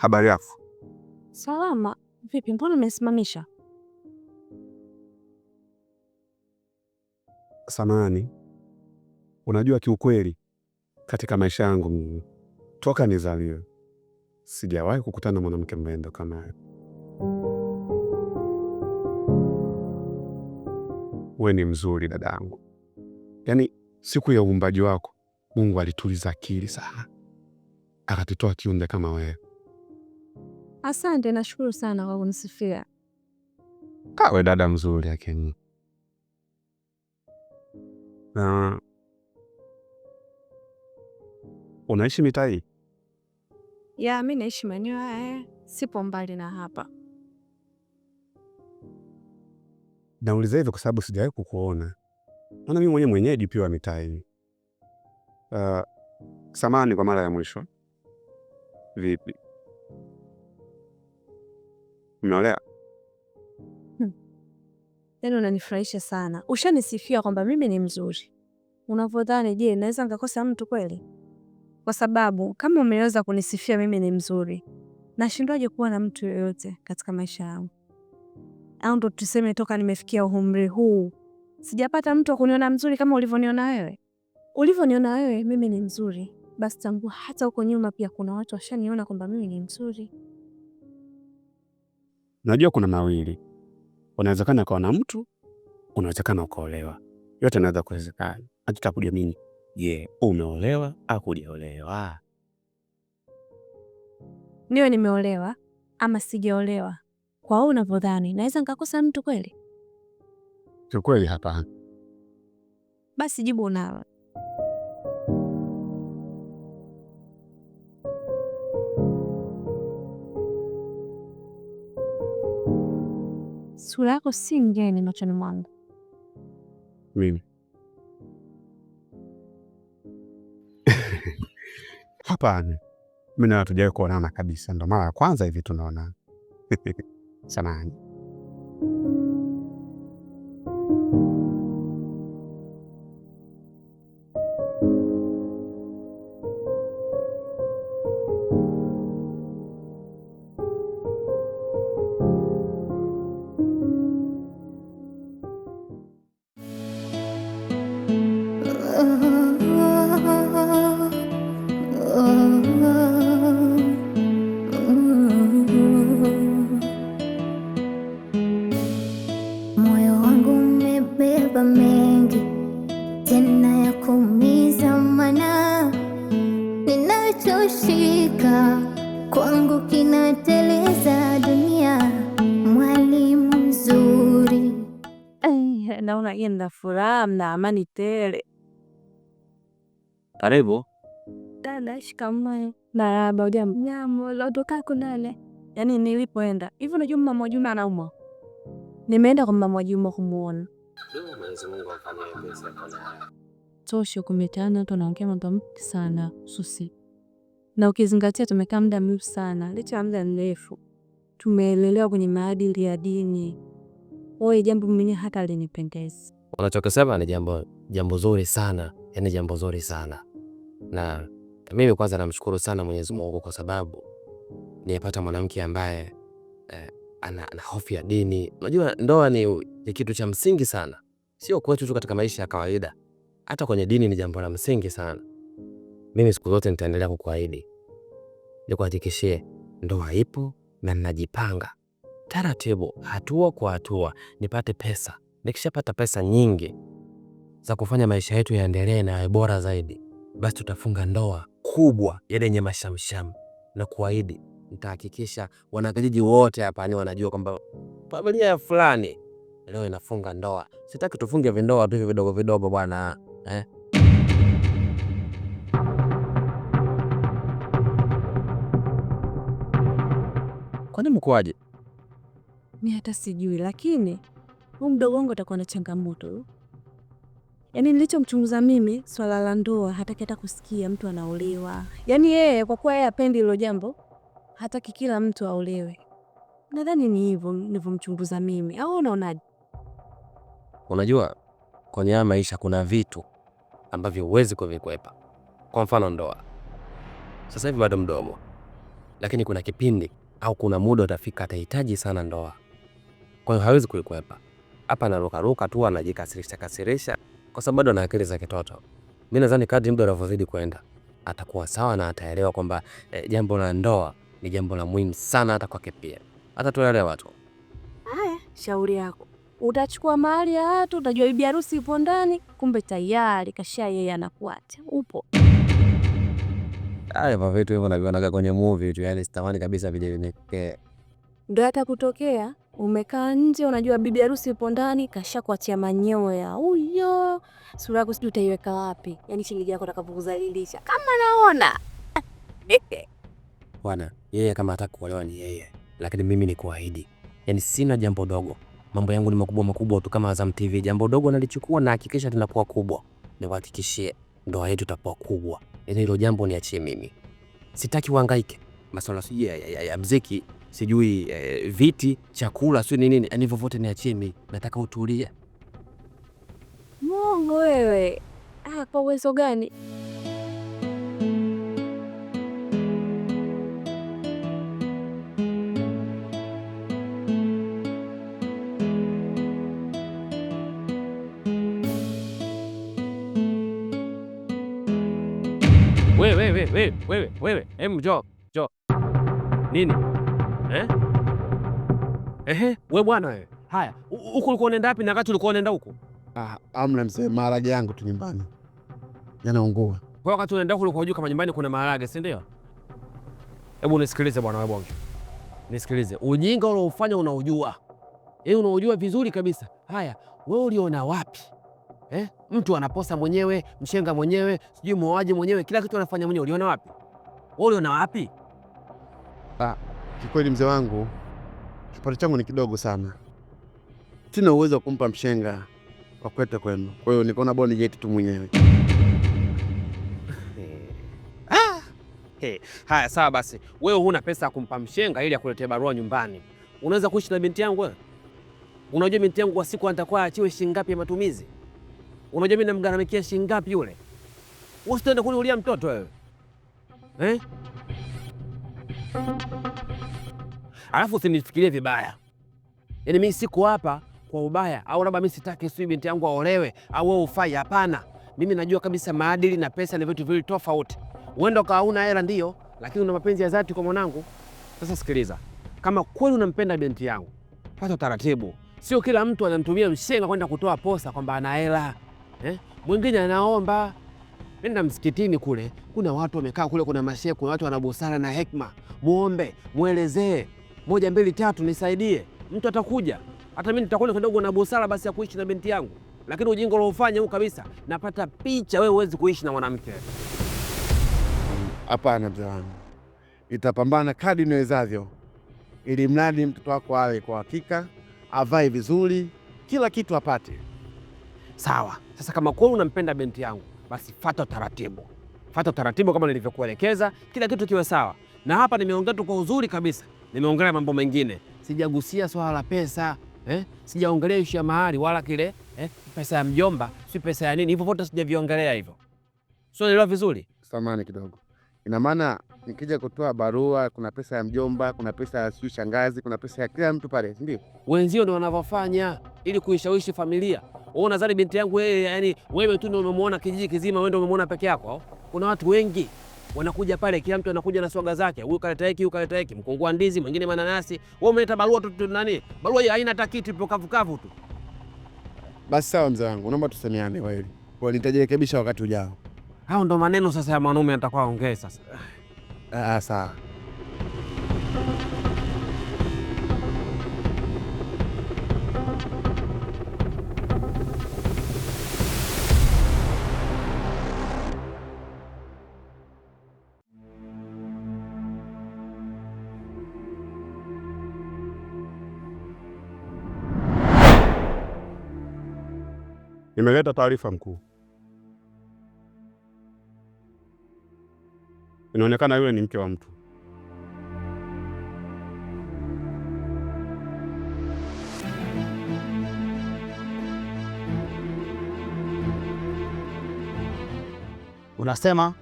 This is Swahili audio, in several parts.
habari yako? Salama. Vipi, mbona umesimamisha? Samani, unajua kiukweli, katika maisha yangu mimi toka nizaliwe sijawahi kukutana na mwanamke mrembo kama wewe. Wewe ni mzuri dadangu, yaani siku ya uumbaji wako Mungu alituliza akili sana akatitoa kiumbe kama wewe. Asante, nashukuru sana kwa kunisifia. Kawe dada mzuri lakini na unaishi mitaa hii ya? Mi naishi maeneo haya, sipo mbali na hapa. Nauliza hivyo kwa sababu sijawahi kukuona, maana mi mwenyewe mwenyeji pia wa mitaa hii. Uh, ah, samani kwa mara ya mwisho, vipi? Umeolewa? Hmm. Yaani unanifurahisha sana. Ushanisifia kwamba mimi ni mzuri. Unavyodhani, je, naweza nikakosa mtu kweli? Kwa sababu kama umeweza kunisifia mimi ni mzuri, nashindwaje kuwa na mtu yoyote katika maisha yangu? Au ndo tuseme toka nimefikia umri huu sijapata mtu wa kuniona mzuri kama ulivyoniona wewe? Ulivyoniona wewe mimi ni mzuri, basi tangu hata huko nyuma pia kuna watu washaniona kwamba mimi ni mzuri. Najua kuna mawili, unawezekana ukawa na mtu, unawezekana ukaolewa. Yote anaweza kuwezekana. Atutakuja kujamini, je, umeolewa au hujaolewa? Niwe nimeolewa ama sijaolewa, kwa wewe unavyodhani, naweza nikakosa mtu kweli? Kiukweli hapana. Basi jibu unalo. Surako si ngeni machoni mwangu. Mimi hapana, mi na hatujawai kuonana kabisa, ndo mara ya kwanza hivi tunaonana. Samahani. naona yeye na furaha na amani tele. Karibu. Dada, shikamoo. Marahaba, hujambo? Jambo. Lotoka yako nani? Yaani nilipoenda. Hivi unajua mama Juma anaumwa? Nimeenda kwa mama Juma kumuona. Tosho kumetana tunaongea mambo mengi sana, susi. Na ukizingatia tumekaa muda mrefu sana, licha ya muda mrefu. Tumeelelewa kwenye maadili ya dini. Oye, jambo mimi hata linipendeza. Unachokisema ni jambo jambo zuri sana, yani jambo zuri sana na mimi kwanza namshukuru sana Mwenyezi Mungu kwa sababu nimepata mwanamke ambaye eh, ana, ana hofu ya dini. Unajua ndoa ni, ni kitu cha msingi sana, sio kwetu tu katika maisha ya kawaida, hata kwenye dini ni jambo la msingi sana. Mimi siku zote nitaendelea kukuahidi, nikuhakikishie ndoa ipo na ninajipanga taratibu, hatua kwa hatua, nipate pesa. Nikishapata pesa nyingi za kufanya maisha yetu yaendelee na bora zaidi, basi tutafunga ndoa kubwa, yale yaani yenye mashamsham na kuahidi, nitahakikisha wanakijiji wote hapa ni wanajua kwamba familia ya fulani leo inafunga ndoa. Sitaki tufunge vindoa tu vidogo vidogo bwana eh? Kwani mkoaje? ni hata sijui, lakini huu mdogo wangu atakuwa na changamoto. Yaani nilichomchunguza mimi, swala la ndoa hataki hata kusikia mtu anaolewa. Yaani yeye kwa kuwa yeye apendi hilo jambo, hataki kila mtu aolewe. Nadhani ni hivyo nilivyomchunguza mimi, au unaonaje? Unajua, kwenye haya maisha kuna vitu ambavyo huwezi kuvikwepa. Kwa mfano ndoa, sasa hivi bado mdomo, lakini kuna kipindi au kuna muda utafika atahitaji sana ndoa. Kwa hiyo hawezi kuikwepa. Hapa anarukaruka tu, anajikasirisha kasirisha kwa sababu bado ana akili za kitoto. Mimi nadhani kadri muda unavyozidi kwenda atakuwa sawa na ataelewa kwamba eh, jambo la ndoa ni jambo la muhimu sana hata kwake pia. Hata tuelewa tu. Haya, shauri yako. Utachukua mali ya watu, utajua bibi harusi ipo ndani, kumbe tayari kasha yeye anakuacha. Upo. Haya vitu hivyo navionaga kwenye movie tu, yani sitamani kabisa vije vinitokee. Ndio atakutokea umekaa nje, unajua bibi harusi yupo ndani, kasha kuachia manyoya huyo sura yako, sijui utaiweka wapi. Yani shilingi yako atakapokuzalilisha kama naona bwana yeye kama hataka kuolewa ni yeye, lakini mimi ni kuahidi, yani sina jambo dogo. Mambo yangu ni makubwa makubwa tu kama Azam TV. Jambo dogo nalichukua na hakikisha linakuwa kubwa, niwahakikishie ndoa yetu itakuwa kubwa. Yani hilo jambo niachie mimi, sitaki uhangaike masuala ya, ya, ya, ya mziki sijui eh, viti, chakula, sio nini, yani vyovyote niachie mimi, nataka utulie Mungu wewe, ah, kwa uwezo gani? Wewe, wewe, wewe, wewe, wewe, hem, njoo, njoo. Nini? eh? Ehe, we bwana we. Haya, huko ulikuwa unaenda wapi na wakati ulikuwa unaenda huko? Ah, amna mzee, maharage yangu tu nyumbani yanaungua. Kwa wakati unaenda huko ulikuwa unajua kama nyumbani kuna maharage, si ndio? Hebu nisikilize bwana wewe bwana. Nisikilize. Ujinga unaofanya unaujua. Eh, unaujua vizuri kabisa. Haya, wewe uliona wapi? Eh? Mtu anaposa mwenyewe, mshenga mwenyewe, sijui muoaji mwenyewe, kila kitu anafanya mwenyewe. Uliona wapi? Wewe uliona wapi? Ah, Kikweli mzee wangu, kipato changu ni kidogo sana, sina uwezo wa kumpa mshenga kwa kwete kwenu. Kwa hiyo nikaona bora nijeti tu mwenyewe. Eh. Ah! Eh, haya sawa basi, wewe huna pesa ya kumpa mshenga ili akuletee barua nyumbani, unaweza kuishi na binti yangu wewe? Unajua binti yangu kwa siku anatakuwa achiwe shilingi ngapi ya matumizi? Unajua mimi namgaramikia shilingi ngapi yule? Usitende kuniulia mtoto wewe eh? Alafu usinifikirie vibaya, yaani mimi siko hapa kwa ubaya, au labda mimi sitaki sijui binti yangu aolewe au wewe ufai. Hapana, mimi najua kabisa maadili na pesa ni vitu viwili tofauti. Uenda ukawa huna hela ndio, lakini una mapenzi ya dhati kwa mwanangu. Sasa sikiliza, kama kweli unampenda binti yangu, pata taratibu. Sio kila mtu anamtumia mshenga kwenda kutoa posa kwamba ana hela eh? Mwingine anaomba nenda msikitini kule, kuna watu wamekaa kule, kuna mashehe, kuna watu wana busara na hekima muombe, mwelezee moja mbili tatu, nisaidie. Mtu atakuja hata mimi nitakwenda kidogo na busara basi ya kuishi na binti yangu, lakini ujinga uliofanya huu kabisa, napata picha wewe huwezi kuishi na mwanamke. Hapana mzee wangu, nitapambana kadri niwezavyo, ili mradi mtoto wako awe kwa hakika, avae vizuri, kila kitu apate. Sawa. Sasa kama kweli unampenda binti yangu, basi fata utaratibu, fata utaratibu kama nilivyokuelekeza, kila kitu kiwe sawa na hapa nimeongea tu kwa uzuri kabisa, nimeongelea mambo mengine, sijagusia swala la pesa eh? Sijaongelea ishu ya mahari wala kile eh? Pesa ya mjomba si pesa ya nini, hivyo vyote sijaviongelea hivyo. Sio, nielewa vizuri? Samani kidogo, ina maana nikija kutoa barua kuna pesa ya mjomba, kuna pesa ya sijui shangazi, kuna pesa ya kila mtu pale, ndio wenzio ndio wanavyofanya ili kuishawishi familia. Wewe unadhani binti yangu yeye, yani wewe tu ndio umemwona kijiji kizima, wewe ndio umemwona peke yako? Kuna watu wengi wanakuja pale, kila mtu anakuja na swaga zake, huyu kaleta hiki, huyu kaleta hiki, mkungu wa ndizi, mwingine mananasi. Wewe umeleta barua tu nani? Barua hii haina hata kitu, ipo kavu kavu tu. Basi sawa, mzee wangu, naomba tusemeane kwa hili, kwa nitajirekebisha wakati ujao. Hao ndo maneno sasa ya mwanaume atakuwa ongee sasa. Ah, ah sawa. Nimeleta taarifa mkuu. Inaonekana yule ni mke wa mtu. Unasema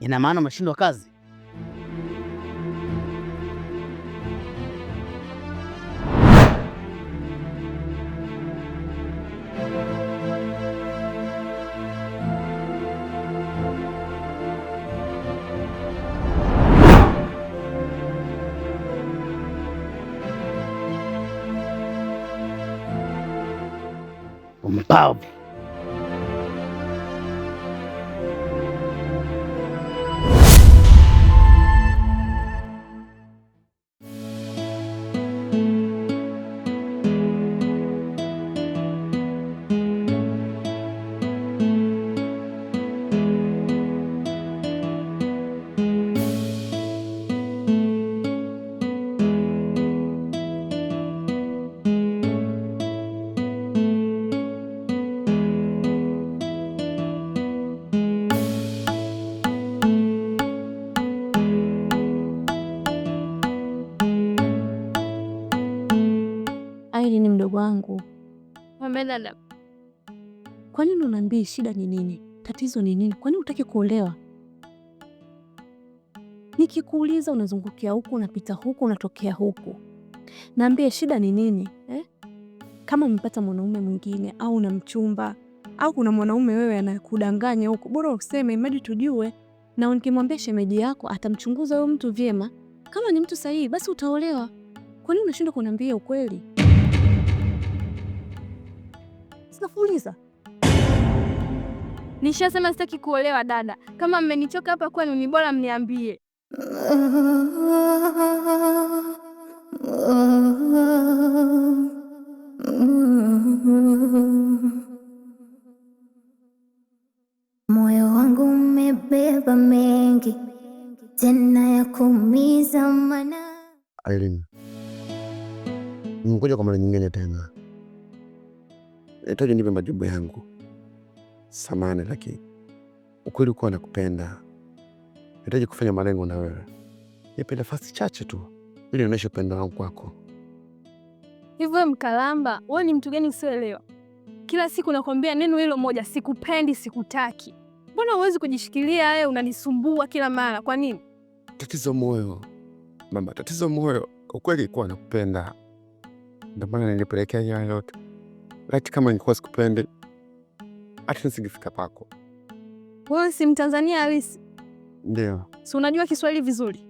ina maana umeshindwa kazi? above. umelala. Kwa nini unaambia shida ni nini? Tatizo ni nini? Kwa nini utaki kuolewa? Nikikuuliza unazungukia huku, unapita huku, unatokea huku. Naambie shida ni nini eh? Kama umepata mwanaume mwingine au una mchumba au kuna mwanaume wewe anakudanganya huko, bora useme imaji tujue, na nikimwambia shemeji yako atamchunguza huyo mtu vyema. Kama ni mtu sahihi, basi utaolewa. Kwa nini unashindwa kuniambia ukweli? zinafuliza. Nishasema sitaki kuolewa dada. Kama mmenichoka hapa kwenu, ni bora mniambie. Moyo wangu umebeba mengi tena ya kumiza, Mana Aileen, nimekuja kwa mara nyingine tena nahitaji nipe majibu yangu. samani lakini ukweli kuwa nakupenda, nahitaji kufanya malengo na wewe. Nipe nafasi chache tu ili nionyeshe upendo wangu kwako. Hivyo mkalamba, wewe ni mtu gani usioelewa? Kila siku nakwambia neno hilo moja, sikupendi, sikutaki. Mbona huwezi kujishikilia? Wewe unanisumbua kila mara, kwa nini? Tatizo moyo mama, tatizo moyo. Ukweli kuwa nakupenda, ndio maana nilipelekea haya yote. Laiti kama ningekuwa sikupende, hata nisingefika pako. Wewe si Mtanzania halisi? Ndio. Si unajua Kiswahili vizuri?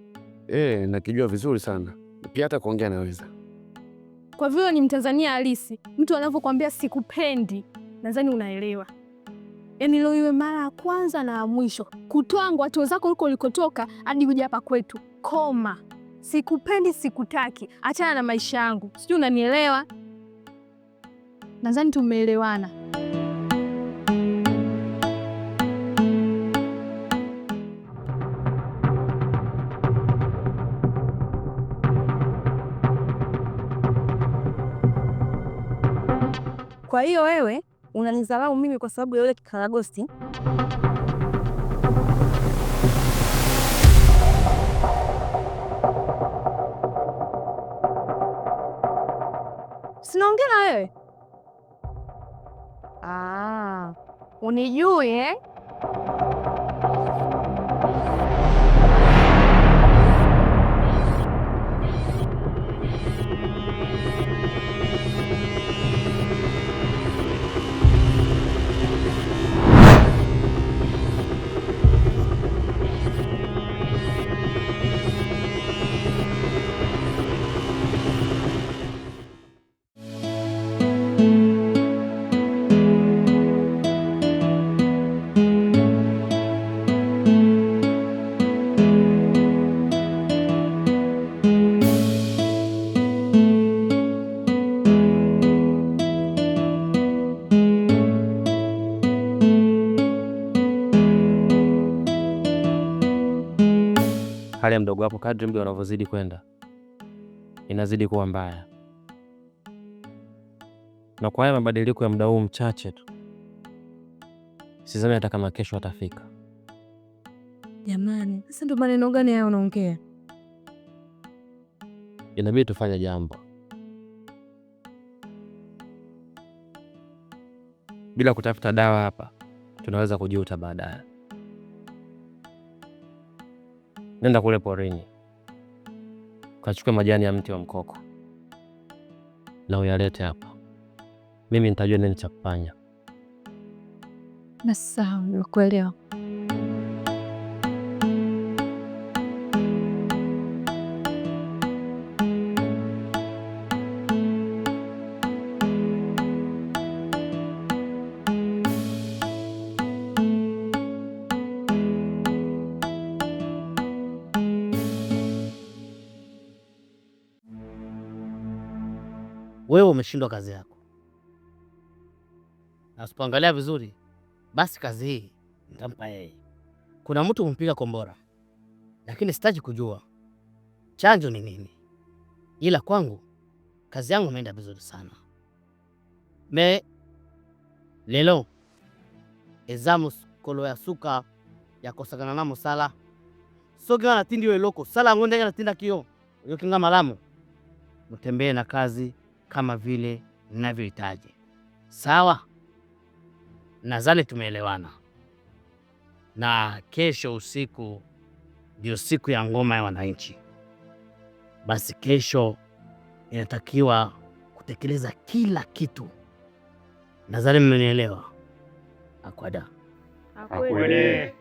Eh, nakijua vizuri sana, pia hata kuongea naweza. Kwa vile ni Mtanzania halisi, mtu anavyokwambia sikupendi, nadhani unaelewa. Yaani leo iwe mara ya kwanza na ya mwisho kutwangwa hatua zako huko ulikotoka hadi kuja hapa kwetu. Koma, sikupendi, sikutaki, achana na maisha yangu, sijui unanielewa? Nadhani tumeelewana. Kwa hiyo wewe unanidharau mimi kwa sababu ya yule kikaragosti? Sinaongea na wewe. Ah, unijui eh? hali ya mdogo wako kadri muda unavyozidi kwenda inazidi kuwa mbaya, na kwa haya mabadiliko ya muda huu mchache tu, sizani hata kama kesho atafika. Jamani, sasa ndo maneno gani hayo unaongea? Inabidi tufanye jambo bila kutafuta dawa hapa, tunaweza kujuta baadaye. nenda kule porini kachukue majani ya mti wa mkoko na uyalete hapa, mimi nitajua nini cha kufanya. Na sawa, nimekuelewa. wewe umeshindwa kazi yako, na usipoangalia vizuri, basi kazi hii nitampa yeye. Kuna mtu umpiga kombora, lakini sitaki kujua chanjo ni nini, ila kwangu kazi yangu imeenda vizuri sana. me lelo ezamu kolo ya suka yakosakana na musala sokea natindi yo iloko sala ngonde natinda kio yokinga kinga malamu mutembee na kazi kama vile ninavyohitaji. Sawa, nadhani tumeelewana. Na kesho usiku ndio siku ya ngoma ya wananchi. Basi kesho inatakiwa kutekeleza kila kitu. Nadhani mmenielewa. Akwada akwede.